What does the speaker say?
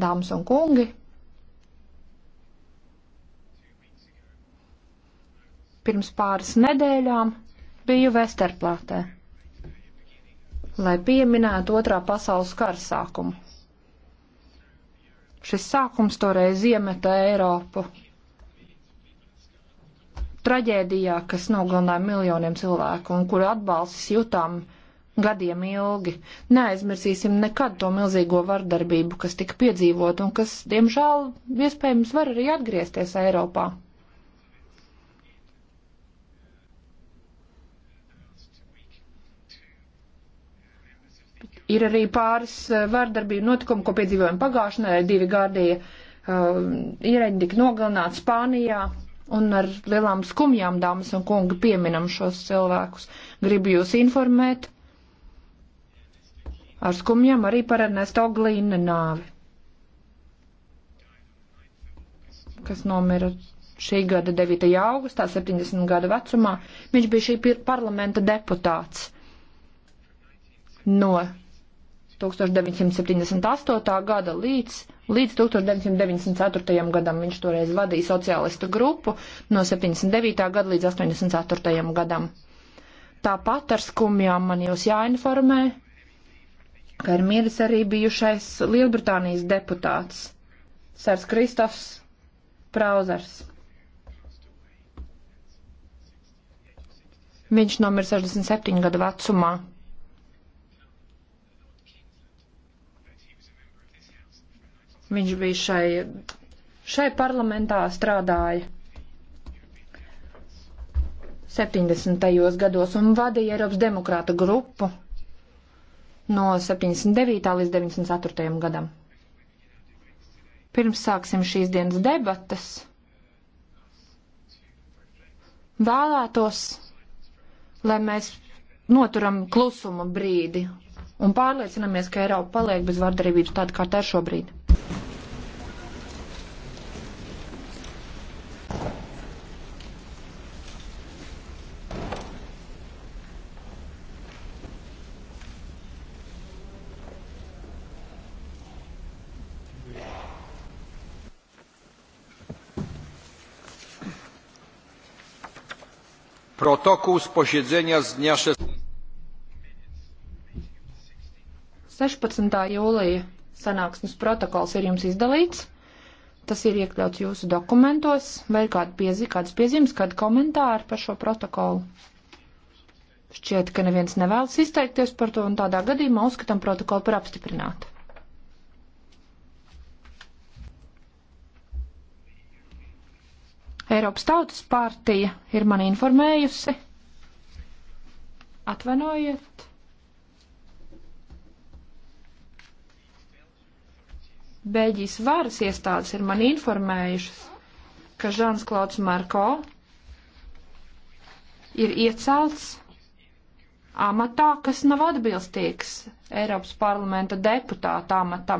Dāmas un kungi, pirms pāris nedēļām biju Vesterplātē, lai pieminētu otrā pasaules kara sākumu. Šis sākums toreiz iemeta Eiropu traģēdijā, kas nogalināja miljoniem cilvēku un kuru atbalsts jutām gadiem ilgi. Neaizmirsīsim nekad to milzīgo vardarbību, kas tika piedzīvot un kas, diemžēl, iespējams var arī atgriezties Eiropā. Ir arī pāris eh, vārdarbību notikumu, ko piedzīvojam pagājušajā nedēļā. Divi gārdīja uh, eh, ierēģi tika nogalināti Spānijā, un ar lielām skumjām, dāmas un kungi, pieminam šos cilvēkus. Gribu jūs informēt, uh, ar skumjām arī par Ernesto Glīna nāvi, kas nomira šī gada 9. augustā, 70 gada vecumā. Viņš bija šī parlamenta deputāts no 1978. gada līdz, līdz 1994. gadam. Viņš toreiz vadīja sociālistu grupu no 79. gada līdz 84. gadam. Tāpat ar skumjām man jūs jāinformē, ka ir mieris arī bijušais Lielbritānijas deputāts Sars Kristofs Prauzers. Viņš nomira 67 gadu vecumā. Viņš bija šai, šai parlamentā strādāja 70. gados un vadīja Eiropas demokrāta grupu no 79. līdz 94. gadam. Pirms sāksim šīs dienas debatas, vēlētos, lai mēs noturam klusuma brīdi un pārliecinamies, ka Eiropa paliek bez vardarībības tāda kā tā šobrīd. Protokół z posiedzenia z dnia 16. jūlija sanāksmes protokols ir jums izdalīts. Tas ir iekļauts jūsu dokumentos. Vai ir kāda piezi, kādas piezīmes, kāda komentāra par šo protokolu? Šķiet, ka neviens nevēlas izteikties par to, un tādā gadījumā uzskatām protokolu par apstiprinātu. Eiropas Tautas partija ir mani informējusi. Atvainojiet. Beļģijas varas iestādes ir mani informējušas, ka Žans Klauds Marko ir iecelts amatā, kas nav atbilstīgs Eiropas parlamenta deputāta amatam.